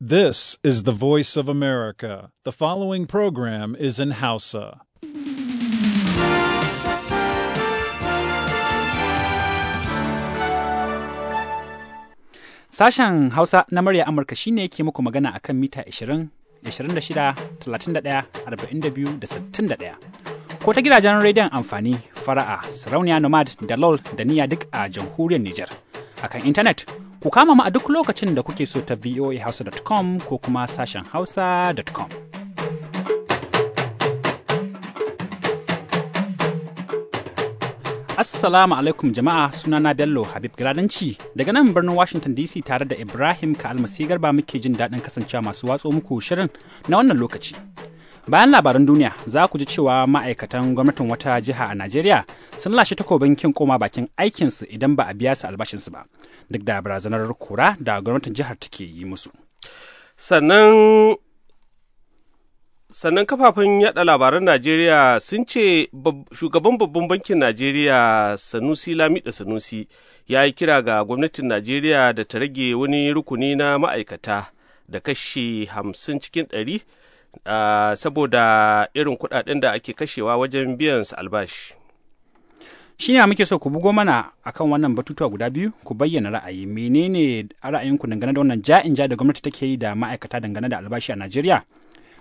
This is the voice of America. The following program is in Hausa. Sashen Hausa na murya Amurka shine yake muku magana akan mita 20, 26, 31, 42 da 61. Ko ta gidajen rediyon amfani, fara'a, sarauniya nomad da lol da niya duk a jamhuriyar Nijar. Akan intanet Ku kama mu a duk lokacin da kuke so ta voahausa.com ko kuma sashen hausa.com. Assalamu alaikum jama'a sunana Bello Habib Galadanci daga nan birnin Washington DC tare da Ibrahim kalmasi Garba muke jin daɗin kasancewa masu watso muku shirin na wannan lokaci. bayan labaran duniya za ku ji cewa ma'aikatan gwamnatin wata jiha a najeriya sun lashe takobin kin koma bakin aikinsu idan ba a biya su albashinsu ba duk da barazanar kura da gwamnatin jihar take yi musu sannan sannan kafafen yada labaran najeriya sun ce shugaban babban bankin najeriya sanusi lamida sanusi ya yi kira ga gwamnatin najeriya da ta rage wani rukuni na ma'aikata da kashi hamsin cikin ɗari saboda irin kudaden da ake kashewa wajen biyan su albashi. Shi ne muke so ku bugo mana akan wannan batutuwa guda biyu ku bayyana ra'ayi menene ra'ayinku dangane da wannan ja'in ja da gwamnati take yi da ma'aikata dangane da albashi a Najeriya?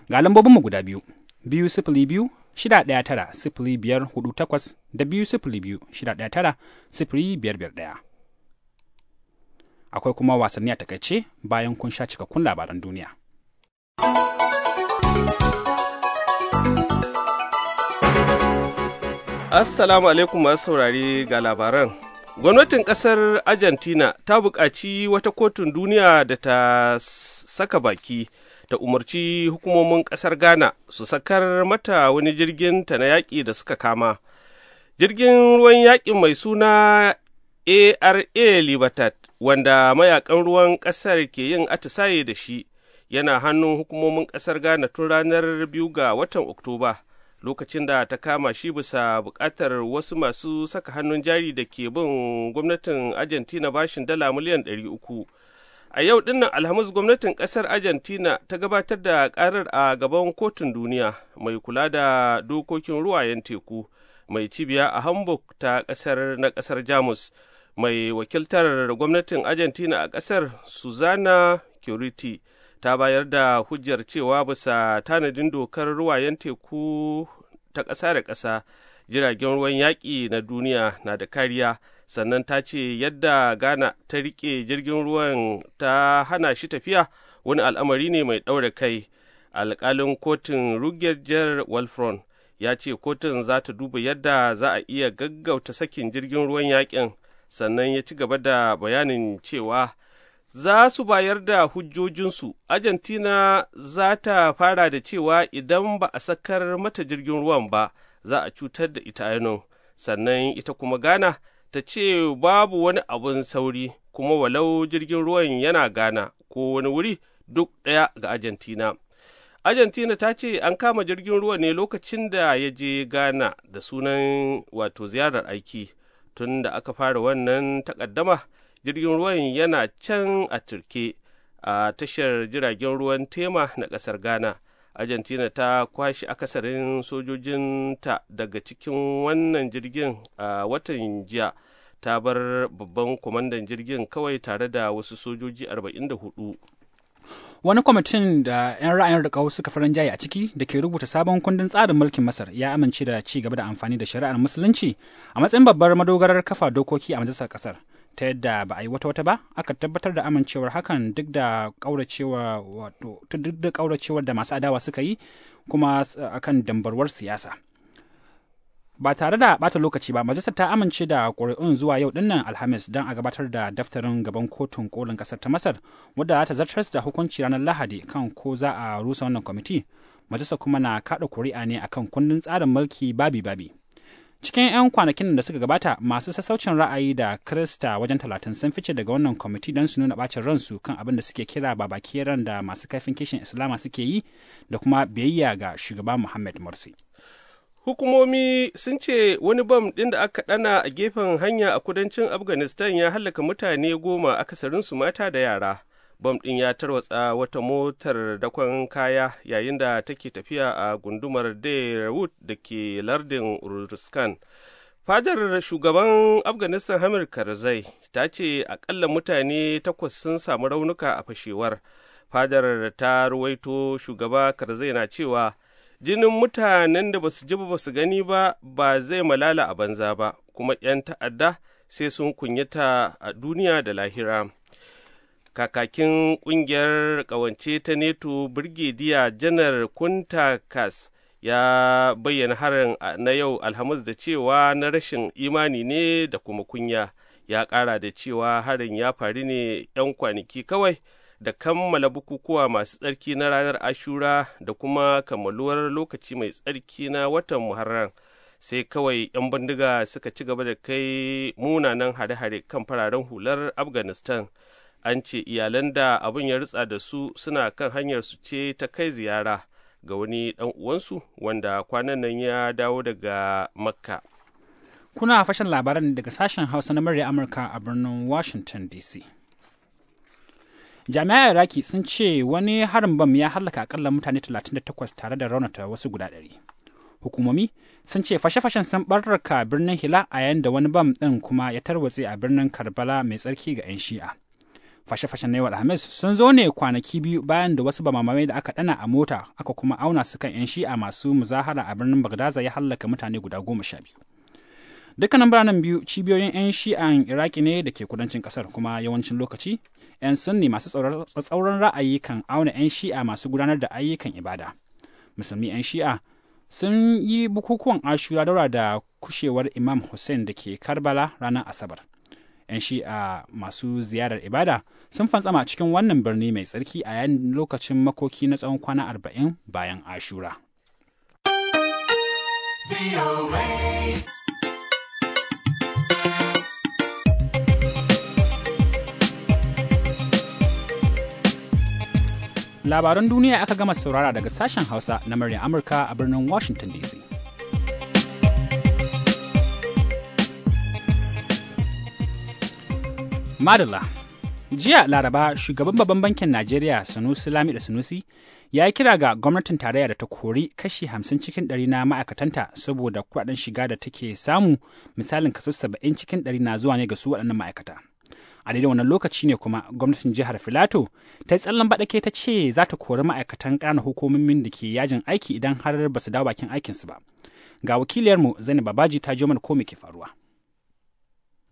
Ga lambobinmu guda biyu, biyu sifili biyu shida ɗaya tara sifili biyar hudu takwas da biyu sifili biyu shida ɗaya tara sifili biyar biyar ɗaya. Akwai kuma wasanni a takaice bayan kun sha cikakkun labaran duniya. Assalamu alaikum masu saurare ga labaran. Gwamnatin ƙasar Argentina ta buƙaci wata kotun duniya da ta saka baki ta umarci hukumomin ƙasar Ghana su sakar mata wani jirgin ta na yaƙi da suka kama. Jirgin ruwan yaƙin mai suna ARA Libertad wanda mayakan ruwan ƙasar ke yin atisaye da shi yana hannun hukumomin ƙasar ghana tun ranar biyu ga watan oktoba lokacin da ta kama shi bisa buƙatar wasu masu saka hannun jari da ke bin gwamnatin argentina bashin dala miliyan uku, a yau dinnan alhamis gwamnatin ƙasar argentina ta gabatar da ƙarar a gaban kotun duniya mai kula da dokokin ruwayen teku mai cibiya a hamburg ta ƙasar na ƙasar jamus mai wakiltar gwamnatin argentina a ƙasar suzana curiti ta bayar da hujjar cewa bisa tanadin dokar ruwayen teku ta ƙasa da ƙasa jiragen ruwan yaƙi na duniya na da kariya sannan ta ce yadda ghana ta riƙe jirgin ruwan ta hana shi tafiya wani al'amari ne mai ɗaure kai alƙalin kotun ruger walfron ya ce kotun za ta duba yadda za a iya gaggauta sakin jirgin ruwan yaƙin sannan ya ci gaba da bayanin cewa za su bayar da hujjojinsu, Argentina za ta fara da cewa idan ba a sakar mata jirgin ruwan ba, za a cutar da ita ainihin, sannan ita kuma Ghana ta ce babu wani abun sauri, kuma walau jirgin ruwan yana Ghana ko wani wuri duk ɗaya ga Argentina. Argentina ta ce an kama jirgin ruwa ne lokacin da ya je Ghana da sunan wato ziyarar aiki, tun da aka fara wannan takaddama. jirgin ruwan yana can a turke a tashar jiragen ruwan tema na kasar ghana argentina ta kwashe akasarin sojojinta daga cikin wannan jirgin a watan jiya ta bar babban kwamandan jirgin kawai tare da wasu sojoji 44 wani kwamitin da 'yan ra'ayin rikau suka farin jaye a ciki da ke rubuta sabon kundin tsarin mulkin masar ya amince da ci gaba da amfani da shari'ar musulunci a matsayin babbar madogarar kafa dokoki a majalisar kasar ta yadda ba a yi wata wata ba aka tabbatar da amincewar hakan duk da kauracewa wato duk da kauracewar da masu adawa suka yi kuma akan dambarwar siyasa ba tare da bata lokaci ba majalisar ta amince da ƙuri'un zuwa yau dinnan alhamis don a gabatar da daftarin gaban kotun kolin kasar ta masar wadda za ta zartar da hukunci ranar lahadi kan ko za a rusa wannan kwamiti majalisar kuma na kaɗa ƙuri'a ne akan kundin tsarin mulki babi babi Cikin 'yan kwanakin da suka gabata masu sassaucin ra'ayi da Krista wajen talatin sun fice daga wannan kwamiti don su nuna bacin ransu kan abin da suke kira babakiran da masu kaifin kishin Islama suke yi da kuma biyayya ga shugaba Muhammad Morsi. Hukumomi sun ce wani bam ɗin da aka ɗana a gefen hanya a kudancin Afghanistan ya halaka mutane goma akasarinsu mata da yara. bom ɗin ya tarwatsa wata motar dakon kaya yayin da take tafiya a gundumar Dayroot da ke lardin Uruzgan. Fadar shugaban Afghanistan Hamir Karzai ta ce akalla mutane takwas sun samu raunuka a fashewar. Fadar ta ruwaito shugaba Karzai na cewa jinin mutanen da basu ji ba su gani ba ba zai malala a banza ba kuma 'yan ta'adda sai sun kunyata a duniya da lahira. kakakin ƙungiyar ƙawance ta neto birgediya janar kuntakas ya bayyana harin na yau alhamis da cewa na rashin imani ne da kuma kunya ya ƙara da cewa harin ya faru ne 'yan kwanaki kawai da kammala bukukuwa masu tsarki na ranar ashura da kuma kammaluwar lokaci mai tsarki na watan muharram sai kawai 'yan bindiga suka ci gaba da kai munanan hare-hare kan fararen hular afghanistan an ce iyalan da abin ya ritsa da su suna kan hanyar su ce ta kai ziyara ga wani dan uwansu wanda kwanan nan ya dawo daga makka kuna fashin labaran daga sashen hausa na murya amurka a birnin washington dc jami'an iraki sun ce wani harin bam ya halaka akalla mutane 38 tare da raunata wasu guda ɗari hukumomi sun ce fashe-fashen sun ɓarraka birnin hila a yayin da wani bam ɗin kuma ya tarwatse a birnin karbala mai tsarki ga 'yan shi'a Fashe-fashen na yau Alhamis sun zo ne kwanaki biyu bayan da wasu bamamai da aka dana a mota aka kuma auna su kan 'yan shi'a masu muzahara a birnin Bagdaza ya hallaka mutane guda goma sha biyu. Dukkanin biranen biyu cibiyoyin 'yan shi'an Iraki ne da ke kudancin kasar kuma yawancin lokaci 'yan sunni masu tsauran ra'ayi kan auna 'yan shi'a masu gudanar da ayyukan ibada. Musulmi 'yan shi'a sun yi bukukuwan ashura daura da kushewar Imam Hussein da ke Karbala ranar Asabar. 'yan shi'a masu ziyarar ibada sun fantsama cikin wannan birni mai tsarki a yayin lokacin makoki na tsawon kwana arba'in bayan ashura. Labaran duniya aka gama saurara daga sashen Hausa na murya Amurka a birnin Washington DC. Madala. Jiya Laraba shugaban babban bankin Najeriya Sanusi lami da Sanusi ya yi kira ga gwamnatin tarayya da ta kori kashi hamsin cikin ɗari na ma'aikatanta saboda kuɗaɗen shiga da take samu misalin kaso saba'in cikin ɗari na zuwa ne ga su waɗannan ma'aikata. A daidai wannan lokaci ne kuma gwamnatin jihar Filato ta yi tsallan baɗake ta ce za ta kori ma'aikatan ƙananan hukumomin da ke yajin aiki idan har ba su dawo bakin aikinsu ba. Ga wakiliyarmu Zainab Babaji ta jo mana ko me ke faruwa.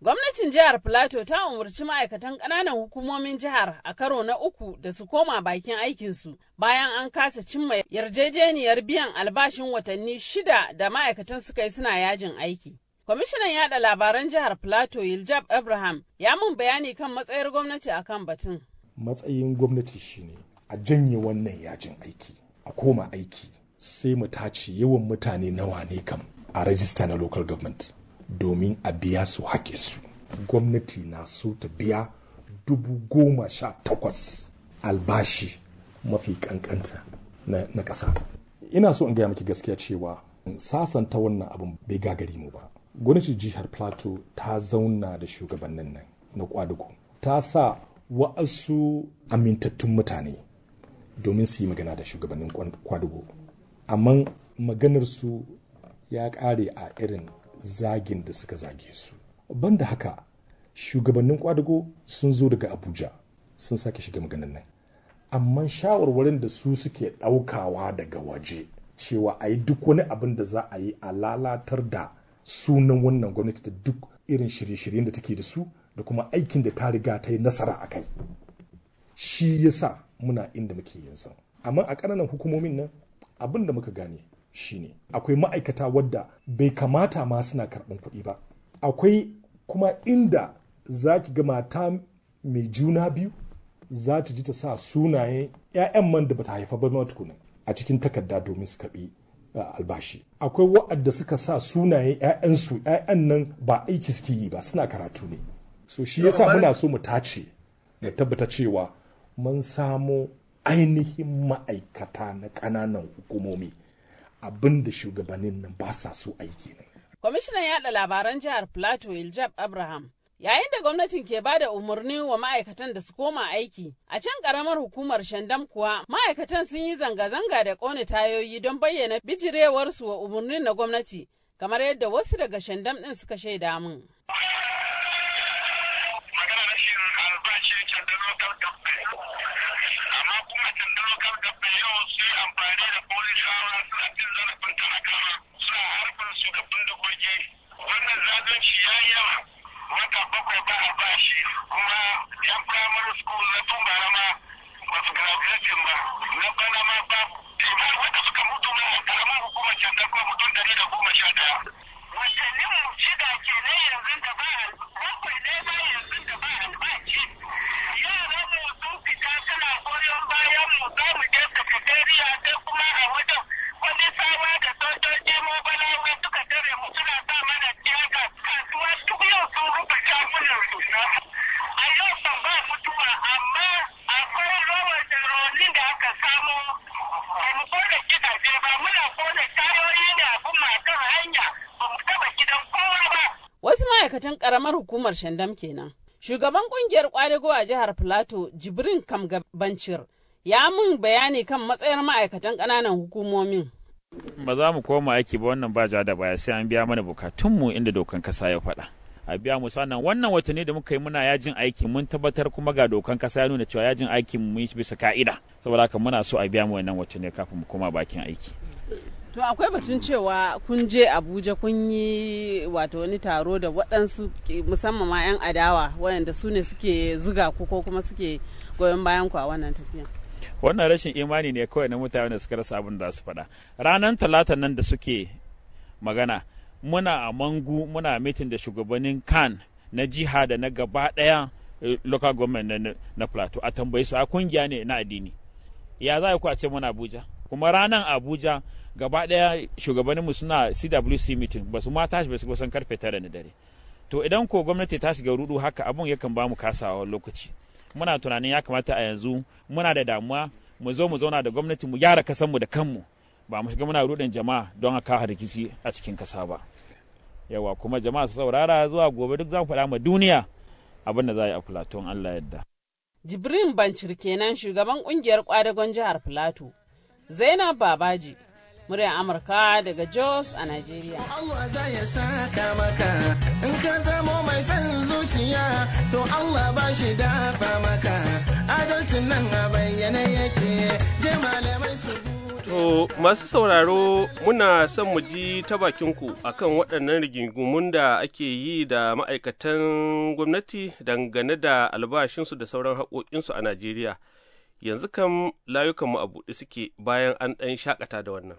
Gwamnatin jihar Filato ta umarci ma'aikatan ƙananan hukumomin jihar a karo na uku da su koma bakin aikinsu bayan an kasa cimma yarjejeniyar biyan albashin watanni shida da ma'aikatan suka yi suna yajin aiki. Kwamishinan yada labaran jihar Filato Yiljab Abraham ya mun bayani kan matsayar gwamnati akan batun. Matsayin gwamnati shine a janye wannan yajin aiki, a koma aiki, sai mu tace yawan mutane nawa ne kam a rajista na local government. domin a biya su haƙinsu gwamnati na so ta biya dubu goma sha takwas albashi mafi kankanta na ƙasa ina so in gaya miki gaskiya cewa sasanta wannan abin bai gagari mu ba gwamnati jihar plateau ta zauna da shugabannin nan na kwadugo ta sa wa'asu amintattun mutane domin su yi magana da shugabannin kwadugo amma maganar su ya kare a irin zagin da suka zage su Ban da haka shugabannin kwadago sun zo daga abuja sun sake shiga maganin nan amma shawarwarin da su suke ɗaukawa daga waje cewa a yi duk wani abin da za a yi a lalatar da sunan wannan gwamnati da duk irin shirye-shiryen da take da su da kuma aikin da ta riga ta yi nasara a kai shi yasa muna inda muke yin amma a ƙananan hukumomin nan abin da muka gane shine akwai ma'aikata wadda bai kamata ma suna karɓan kuɗi ba akwai kuma inda za ki ga mata mai juna biyu za ta ji ta sa sunayen 'ya'yan man da bata haifa ba tukuna a cikin takarda domin su karɓi albashi akwai wa'adda suka sa sunayen 'ya'yansu 'ya'yan nan ba aiki suke yi ba suna karatu ne so shi yasa muna so mu tace mu tabbata cewa mun samo ainihin ma'aikata na ƙananan hukumomi abin da shugabannin nan ba sa so aiki ne. Kwamishinan yaɗa labaran jihar Plateau Iljab Abraham Yayin da gwamnatin ke ba da umarni wa ma'aikatan da su koma aiki, a can ƙaramar hukumar Shandam kuwa ma'aikatan sun yi zanga-zanga da ƙone tayoyi don bayyana bijirewarsu wa umarnin na gwamnati, kamar yadda wasu daga Shandam ɗin suka shaida min. yi amfani da polisawa suna cin zarafin talakawa suna harbar su da bindigogi wannan zalunci ya yi yawa wata bakwai ba a bashi kuma yan primary school na tun bara ma ba su graduation ba na bana ma ba imar wata suka mutu na a karamin hukumar can mutum dari da goma sha daya. Wasannin mu shiga ke na yanzu da ba a wajen karamar hukumar Shandam kenan. Shugaban kungiyar kwadago a jihar Filato Jibrin Kamgabancir ya mun bayani kan matsayar ma'aikatan kananan hukumomin. Ba za mu koma aiki ba wannan ba ja da baya sai an biya mana bukatunmu inda dokan kasa ya faɗa. a biya mu sannan wannan watanni da muka yi muna yajin aiki mun tabbatar kuma ga dokan kasa ya nuna cewa yajin aiki mun yi bisa ka'ida saboda haka muna so a biya mu wannan watanni kafin mu koma bakin aiki To akwai batun cewa kun je Abuja kun yi wato wani taro da waɗansu musamman ma 'yan adawa wayanda su ne suke zuga ku ko kuma suke goyon bayan ku a wannan tafiya. Wannan rashin imani ne kawai na mutane da suka rasa abin da su faɗa. Ranar talata nan da suke magana muna a mangu muna mitin da shugabannin kan na jiha da na gaba ɗaya eh, local government na, plateau a tambayi su a kungiya ne na addini ya za ku a ce muna abuja kuma ranar abuja gaba ɗaya shugabanninmu suna CWC meeting ba su ma tashi ba su kusan karfe tara na dare to idan ko gwamnati ta shiga rudu haka abun yakan ba mu kasawa lokaci muna tunanin ya kamata a yanzu muna da damuwa mu zo mu zauna da gwamnati mu gyara kasanmu da kanmu ba mu shiga muna rudin jama'a don a kawo rikici a cikin kasa ba yawa kuma jama'a su saurara zuwa gobe duk za mu faɗa ma duniya abin da za a yi a Platon Allah yadda. Jibrin Bancir kenan shugaban kungiyar kwadagon jihar Filato. Zainab Babaji muryar Amurka daga Jos a Najeriya. Allah za ya saka maka in ka zamo mai son zuciya to Allah ba shi dafa maka adalcin nan a bayyane yake je malamai su To masu sauraro muna son mu ji ta bakinku akan waɗannan rigingumun da ake yi da ma'aikatan gwamnati dangane da albashinsu da sauran haƙoƙinsu a Najeriya. Yanzu kam layukanmu a buɗe suke bayan an ɗan shakata da wannan.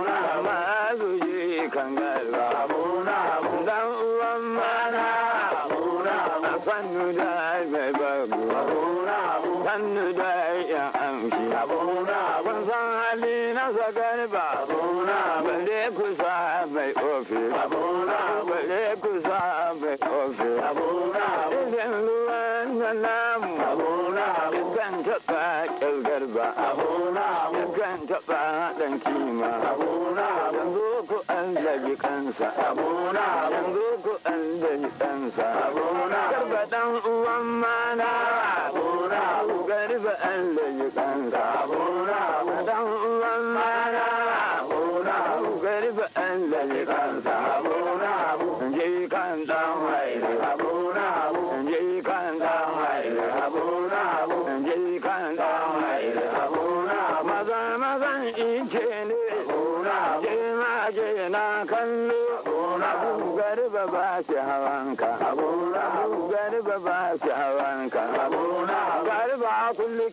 garba balle kusa mai ofe balle kusa mai ofe idan ruwan na namu kan taɓa ƙyar garba kan taɓa ɗan kima yanzu ku an zabi kansa yanzu ku an zabi kansa garba ɗan uwan mana garba an zabi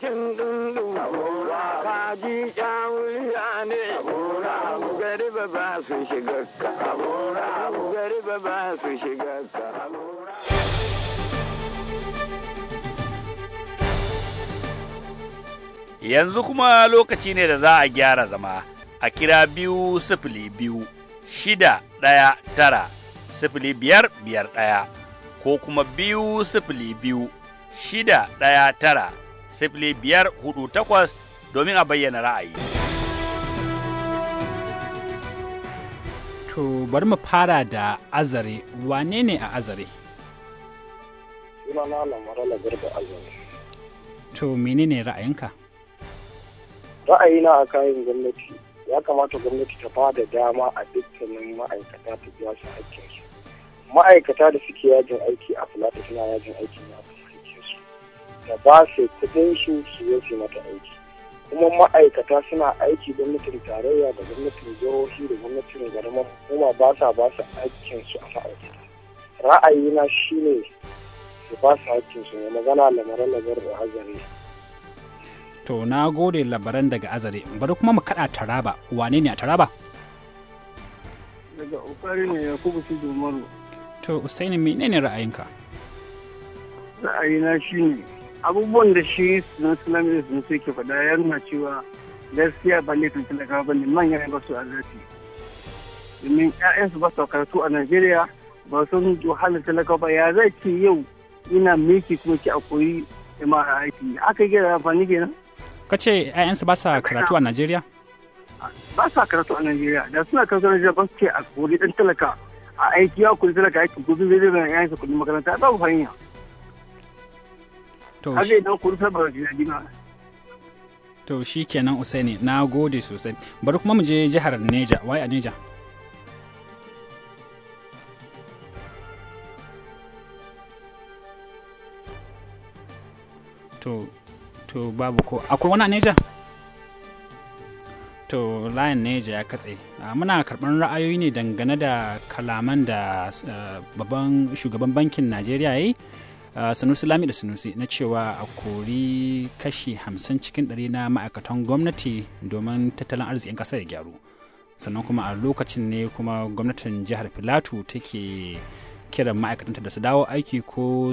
cikin dundu kaji ne gari ba ba su shiga yanzu kuma lokaci ne da za a gyara zama a kira biyu sifili biyu shida ɗaya tara sifili biyar biyar ɗaya ko kuma biyu sifili biyu shida ɗaya tara sifili biyar hudu takwas domin a bayyana ra'ayi. To bari mu fara da azare wane ne a azare? Sunana lamarala da azare. To menene ra'ayinka? Ra'ayina a kayan gwamnati ya kamata gwamnati ta ba da dama a dukkanin ma'aikata ta biya su hakkinsu. Ma'aikata da suke yajin aiki a fulata suna yajin aiki na ta ba su kudin su su yi su mata aiki kuma ma'aikata suna aiki gwamnatin tarayya da gwamnatin jihohi da gwamnatin garma kuma ba sa ba su aikin su a ma'aikata ra'ayina shine su ba su aikin su ne magana lamarin labar da azare to na gode labaran daga azare bari kuma mu kaɗa taraba wane ne a taraba daga ukari ne yakubu domaru to usaini menene ra'ayinka ra'ayina shine abubuwan da shi na islamic sun suke faɗa ya nuna cewa gaskiya ba laifin talakawa ba ne manyan ba su alati domin 'ya'yansu ba su karatu a najeriya ba sun wahalar talakawa ba ya zai ce yau ina miki kuma ki a koyi mara aiki aka yi da amfani kenan ka ce 'ya'yansu ba sa karatu a najeriya ba sa karatu a najeriya da suna karatu a najeriya ba su ce a koyi ɗan talaka a aiki ya koyi talaka aiki gobe zai zai 'ya'yansu kuɗin makaranta ba hanya. Haka To shi kenan Usaini na gode sosai. Bari kuma mu je jihar Neja, wai a Neja. To, to babu ko akwai wani a Neja? to layin neja ya katse muna karɓar ra'ayoyi ne dangane da kalaman da eh, babban shugaban bankin najeriya ya yi sanusi lami da sanusi na cewa a kori kashi hamsin cikin ɗari na ma'aikatan gwamnati domin tattalin arzikin ƙasa ya gyaru sannan kuma a lokacin ne kuma gwamnatin jihar filatu take kiran ma'aikatanta da su dawo aiki ko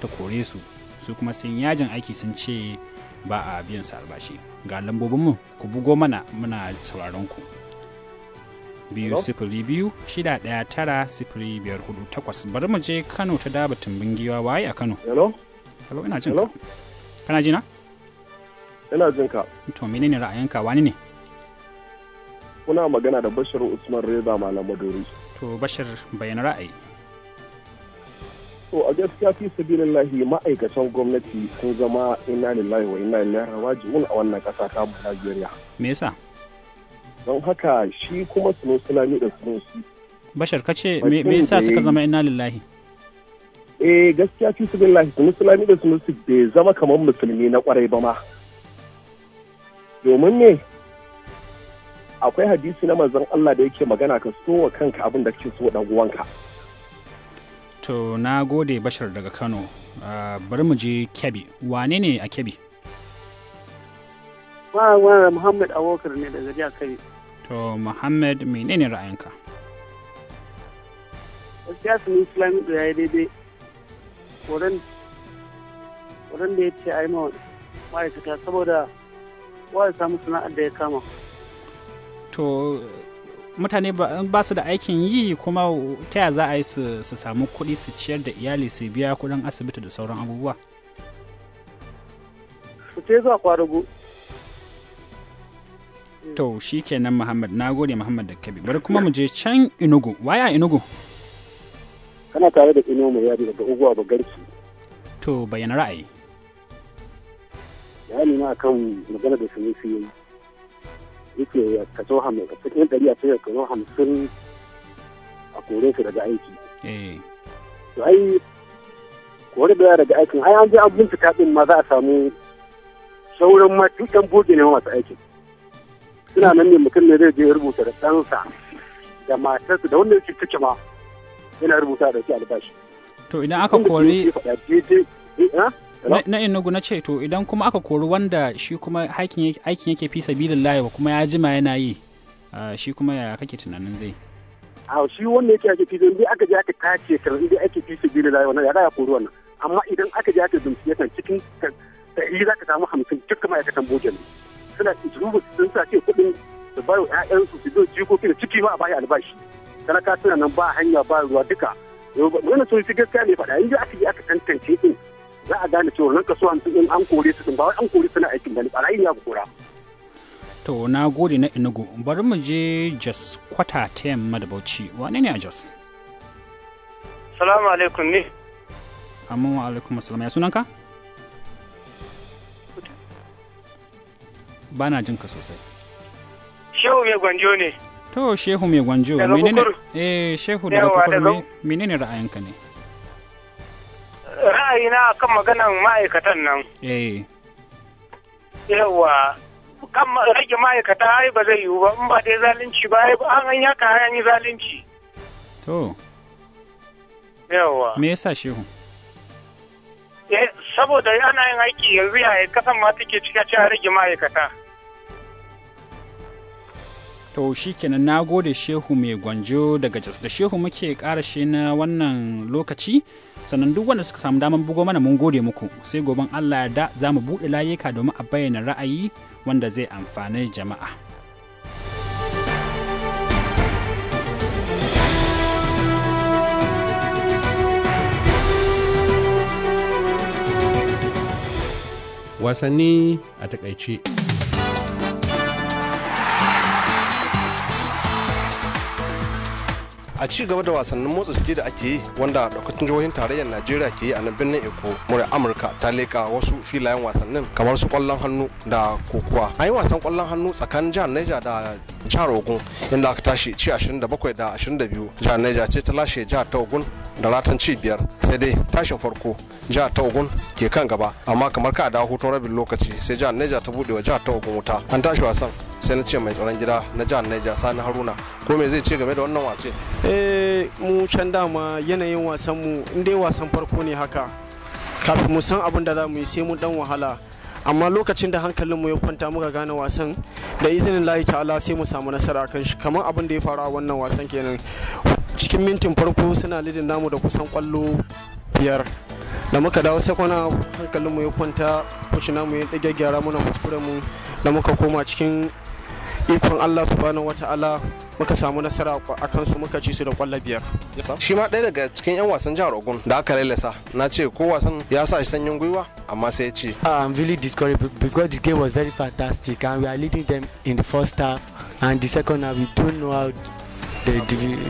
ta kore su su kuma sun yajin aiki sun ce ba a biyan su albashi ga lambobinmu ku bugo mana muna sauraron ku. biyu sifiri biyu shida ɗaya tara sifiri biyar hudu takwas bari mu je kano ta daba tumbin giwa waye a kano hello ina jin kana jina ina jin ka to menene ra'ayinka wani ne kuna magana da bashir usman reza malam maduri to bashir bayyana ra'ayi to a gaskiya fi sabilillahi ma'aikatan gwamnati sun zama inna lillahi wa inna ilaihi mun a wannan kasa ta Najeriya me yasa don haka shi kuma sunusi lami da sunusi bashar ka ce me yasa suka zama inna lillahi eh gaskiya fi su billahi su musulmi da su bai zama kamar musulmi na kwarai ba ma domin ne akwai hadisi na manzon Allah da yake magana ka so wa kanka abin da kake so dan uwanka to na gode bashar daga Kano ah, bari mu je Kebbi wane ne a Kebbi ba wa muhammad Awokar ne daga jihar kare. to muhammad menene ra'ayinka gaskiya su ne islamic da ya yi daidai wurin da ya ce a yi ma ma'aikata saboda wa ya samu sana'ar da ya kama to mutane ba su da aikin yi kuma ta ya za a yi su samu kuɗi su ciyar da iyali su biya kuɗin asibiti da sauran abubuwa su zuwa kwadago Mm. to shi nan muhammad na gode muhammad da kabi bari kuma mu je can inugu waya inugu kana tare da inugu mai yadi daga uguwa ba garki to bayyana ra'ayi ya nuna na kan magana da sun yi yake kaso hamsin cikin ɗari a cikin kaso hamsin a kore su daga aiki eh. to ai kore da daga aikin ai an je an bincika din ma za a samu sauran ma dukkan ne masu aikin suna nan ne mutum ne zai je rubuta da ɗansa da matarsa da wanda yake ciki ma yana rubuta da shi albashi to idan aka kori eh, na nugu na ce to idan kuma aka kori wanda shi kuma aikin yake fi sabilillahi kuma ya jima yana yi shi kuma ya kake tunanin zai a shi wanda yake ake fisa inda aka je aka tace kan inda ake fisa bi da wannan ya ga kori wannan amma idan aka je aka bincike kan cikin yi za ka samu hamsin cikin ma'aikatan bojan ne suna turubus sun sa ce kuɗin su bayo ƴaƴansu su biyo jikoki da ciki ma a bayi albashi talaka suna nan ba hanya ba ruwa duka wannan sun fi gaskiya ne faɗa in aka yi aka tantance din za a gane cewa nan kaso hamsin in an kore su ba wai an kore suna aikin da ne ɓarayin ya kora. to na gode na inugu bari mu je jos kwata ta yamma da bauchi wane ne a jos. salamu alaikum ne. amma wa alaikum salam ya sunanka. ba na jin ka sosai shehu mai gwanjo ne to shehu mai gwanjo menene eh shehu daga kukur menene ra'ayinka ne ra'ayina kan maganan ma'aikatan nan eh yawa kan rage ma'aikata ai ba zai yiwu ba in ba dai zalunci ba ai an an yaka an yi zalunci to yawa me yasa shehu eh saboda yana yin aiki yanzu yaya kasan ma take cika cika a rage ma'aikata to shi kenan na gode shehu mai gwanjo daga jos da shehu muke karashe na wannan lokaci sannan duk wanda suka samu daman bugo mana mun gode muku sai goben allah da za mu buɗe layuka domin a bayyana ra'ayi wanda zai amfani jama'a wasanni a takaice a ci gaba da wasannin motsa jiki da ake yi wanda daukacin jihohin tarayyar najeriya ke yi a nan birnin eko mura amurka ta leka wasu filayen wasannin kamar su kwallon hannu da kokuwa an yi wasan kwallon hannu tsakanin jihar neja da jihar ogun inda aka tashi ci 27 da 22 jihar neja ce ta lashe jihar ta ogun da ratan ci biyar sai dai tashin farko jiha ta ogun ke kan gaba amma kamar ka dawo hutun rabin lokaci sai jihar neja ta bude wa jihar ta ogun wuta an tashi wasan sai na ce mai tsaron gida na jihar neja sani haruna ko me zai ce game da wannan wace eh mu can dama yanayin wasan mu in dai wasan farko ne haka kafin mu san abin da za mu yi sai mu dan wahala amma lokacin da hankalinmu ya kwanta muka gane wasan da izinin lahi ta'ala sai mu samu nasara kan shi kamar abin da ya faru a wannan wasan kenan cikin mintin farko suna lidin namu da kusan kwallo biyar da muka dawo sai hankalin mu ya kwanta kushi namu ya ɗage gyara muna mu da muka koma cikin ikon Allah subhanahu wata'ala muka samu nasara a kansu muka ci su da kwallo biyar. Shi ma ɗaya daga cikin 'yan wasan jihar Ogun da aka lalasa na ce ko wasan ya sa shi sanyin gwiwa amma sai ya ce. Ah, I'm really discouraged because the game was very fantastic and we are leading them in the first half and the second half we don't know how Eh,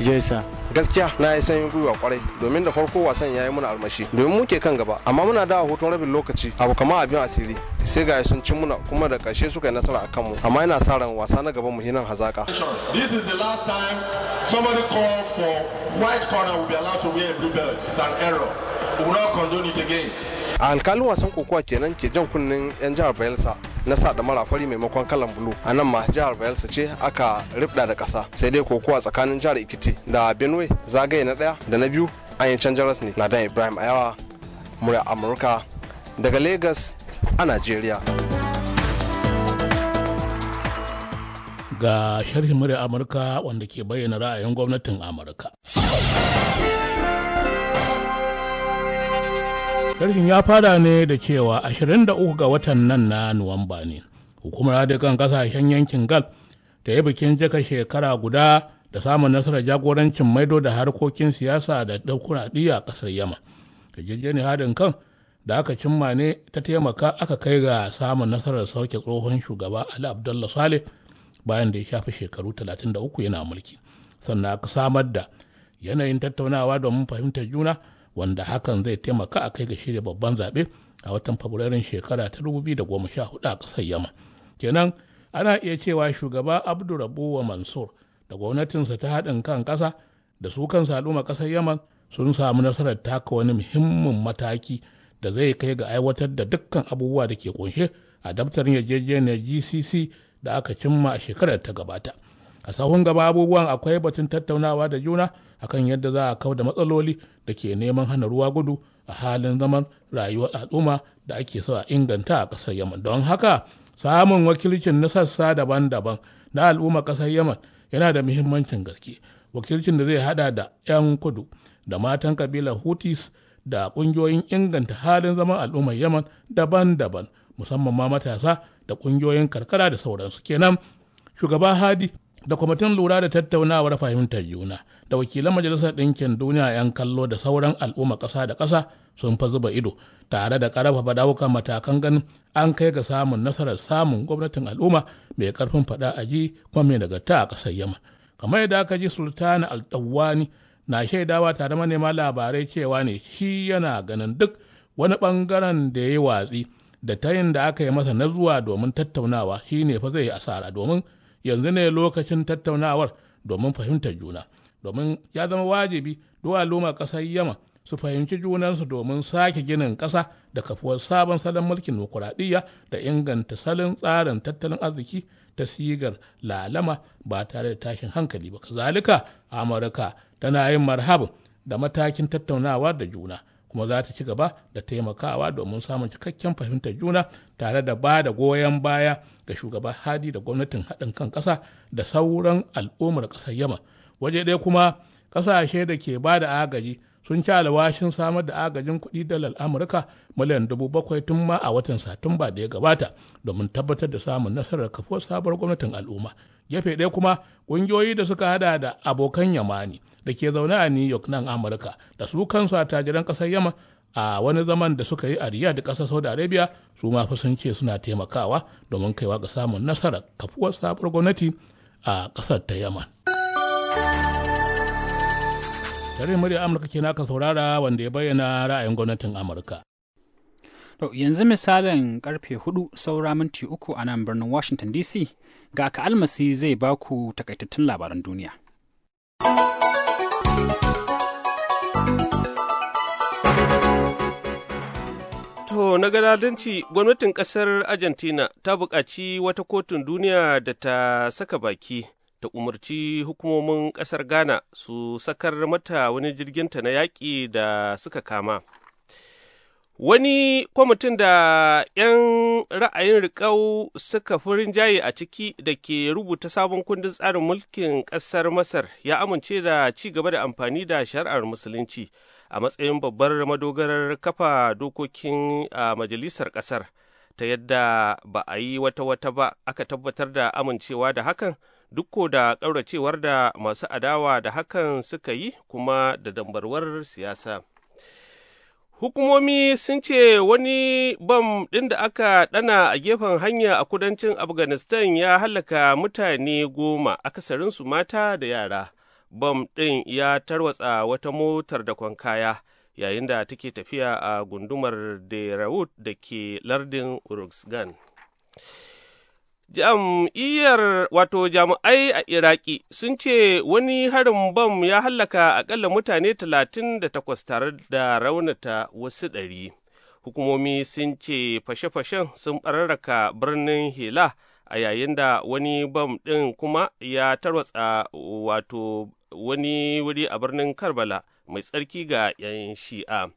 da gaskiya na yi sanyin gwiwa kwarai domin da farko wasan ya yi muna armashi domin muke kan gaba amma muna da hoton rabin lokaci abu kama abin asiri sai ga sun ci muna kuma da ƙarshe suka yi nasara akan mu amma ina sa ran wasa na gaban mu hinan hazaka this is the last time somebody call for white corner will be allowed to wear blue belt it's an error we will not condone it again a alkalin wasan kokowa kenan ke jan kunnen yan jihar bayelsa na sa da mara fari maimakon kalan bulu a nan ma jihar bayelsa ce aka ribda da ƙasa sai dai kokowa tsakanin jihar ikiti da benue zagaye na ɗaya da na biyu an yi can jaras ne ladan ibrahim ayawa murya amurka daga lagos a nigeria ga sharhin murya amurka wanda ke bayyana ra'ayin gwamnatin amurka Sharhin ya fara ne da cewa 23 ga watan nan na Nuwamba ne, hukumar haɗukan kasashen yankin Gal ta yi bikin jaka shekara guda da samun nasarar jagorancin maido da harkokin siyasa da ɗaukuraɗi a ƙasar Yama. Gajejjeni haɗin kan da aka cimma ne ta taimaka aka kai ga samun nasarar sauke tsohon shugaba Ali Abdullah Saleh bayan da ya shafi shekaru 33 yana mulki. Sannan aka samar da yanayin tattaunawa domin fahimtar juna. wanda hakan zai taimaka a kai ga shirya babban zaɓe a watan fabrairun shekara ta da goma sha hudu a ƙasar yamma kenan ana iya cewa shugaba abdurabu wa mansur da gwamnatinsa ta haɗin kan ƙasa da su kan al'umma ƙasar yaman sun samu nasarar taka wani muhimmin mataki da zai kai ga aiwatar da dukkan abubuwa da ke kunshe a daftarin yarjejeniyar gcc da aka cimma a shekarar ta gabata a sahun gaba abubuwan akwai batun tattaunawa da juna akan yadda za a kau da matsaloli da ke neman hana ruwa gudu a halin zaman rayuwar al'umma da ake so a inganta a ƙasar yaman don haka samun wakilcin na sassa daban-daban na al'umma ƙasar yaman yana da muhimmancin gaske wakilcin da zai hada da 'yan kudu da matan kabilar hutis da ƙungiyoyin inganta halin zaman al'ummar yaman daban-daban musamman ma matasa da ƙungiyoyin karkara da sauransu kenan shugaba hadi da kwamitin lura da tattaunawar fahimtar juna da wakilan majalisar ɗinkin duniya 'yan kallo da sauran al'umma ƙasa da ƙasa sun fa zuba ido tare da ƙarfafa daukan matakan ganin an kai ga samun nasarar samun gwamnatin al'umma mai ƙarfin faɗa a ji kuma mai nagarta a ƙasar yamma kamar yadda aka ji sultana al na shaidawa tare manema labarai cewa ne shi yana ganin duk wani ɓangaren da ya yi watsi da ta yin da aka yi masa na zuwa domin tattaunawa shi ne fa zai asara domin yanzu ne lokacin tattaunawar domin fahimtar juna domin ya zama wajibi duk luma ƙasar yama su fahimci junansu domin sake ginin ƙasa da kafuwar sabon salon mulkin nukuraɗiyya da inganta salon tsarin tattalin arziki ta sigar lalama ba tare da tashin hankali ba kazalika amurka tana yin marhabu da matakin tattaunawa da juna kuma za ta ci gaba da taimakawa domin samun cikakken fahimtar juna tare da ba da goyon baya ga shugaba hadi da gwamnatin haɗin kan ƙasa da sauran al'ummar ƙasar yama waje ɗaya kuma ƙasashe da ke ba da agaji sun ci alwashin samar da agajin kuɗi dalar amurka miliyan dubu bakwai tun ma a watan satumba da ya gabata domin tabbatar da samun nasarar kafo sabuwar gwamnatin al'umma gefe ɗaya kuma ƙungiyoyi da suka hada da abokan yamani da ke zaune a new york nan amurka da su kansu a tajiran ƙasar yamma a wani zaman da suka yi a da ƙasar saudi arabia su ma fi sun ce suna taimakawa domin kaiwa ga samun nasarar kafuwar sabuwar gwamnati a ƙasar ta yaman tare murya amurka ke naka saurara wanda ya bayyana ra'ayin gwamnatin amurka To yanzu misalin karfe hudu saura minti uku a nan birnin Washington DC ga ka almasi zai baku takaitattun labaran duniya. To, na gadadanci gwamnatin ƙasar Argentina ta buƙaci wata kotun duniya da ta saka baki ta umarci hukumomin ƙasar Ghana su sakar mata wani jirginta na yaƙi da suka kama. Wani kwamitin da ‘yan ra'ayin riƙau suka furin jaye a ciki da ke rubuta sabon kundin tsarin mulkin ƙasar Masar ya amince da ci gaba da amfani da shari'ar Musulunci. a matsayin babbar madogarar kafa dokokin a majalisar ƙasar ta yadda ba a yi wata-wata ba aka tabbatar da amincewa da hakan duk da ƙauracewar da masu adawa da hakan suka yi kuma da dambarwar siyasa. Hukumomi sun ce wani bam ɗin da aka ɗana a gefen hanya a kudancin Afghanistan ya halaka mutane goma, akasarinsu mata da yara. bam ɗin ya tarwatsa wata motar da kaya yayin da take tafiya a gundumar Derawood da ke lardin Uruguay. Jam'iyyar wato jami'ai a Iraki sun ce wani harin bam ya hallaka akalla mutane talatin da takwas tare da raunata wasu ɗari. Hukumomi sun ce fashe-fashen sun ɓararraka birnin hila a yayin da wani bam ɗin kuma ya tarwatsa wato wani wuri a birnin Karbala mai tsarki ga 'yan shi'a.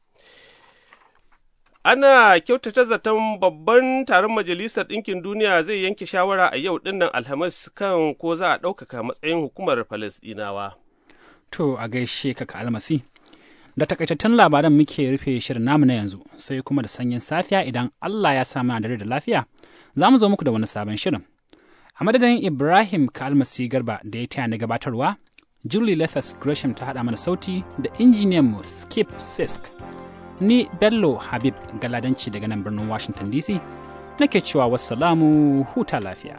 Ana kyautata zaton babban taron Majalisar Ɗinkin Duniya zai yanke shawara a yau ɗinnan Alhamis kan ko za a ɗaukaka matsayin hukumar Falasɗinawa. To a gaishe kaka almasi. Da takaitattun labaran muke rufe shirin namu na yanzu sai kuma da sanyin safiya idan Allah ya sa mana dare da lafiya za mu zo muku da wani sabon shirin. A madadin Ibrahim Kalmasi Garba da ya taya na gabatarwa Julie Lethers Gresham ta haɗa mana sauti da mu Skip Sisk. Ni Bello Habib Galadanci daga nan birnin Washington DC nake cewa salamu huta lafiya.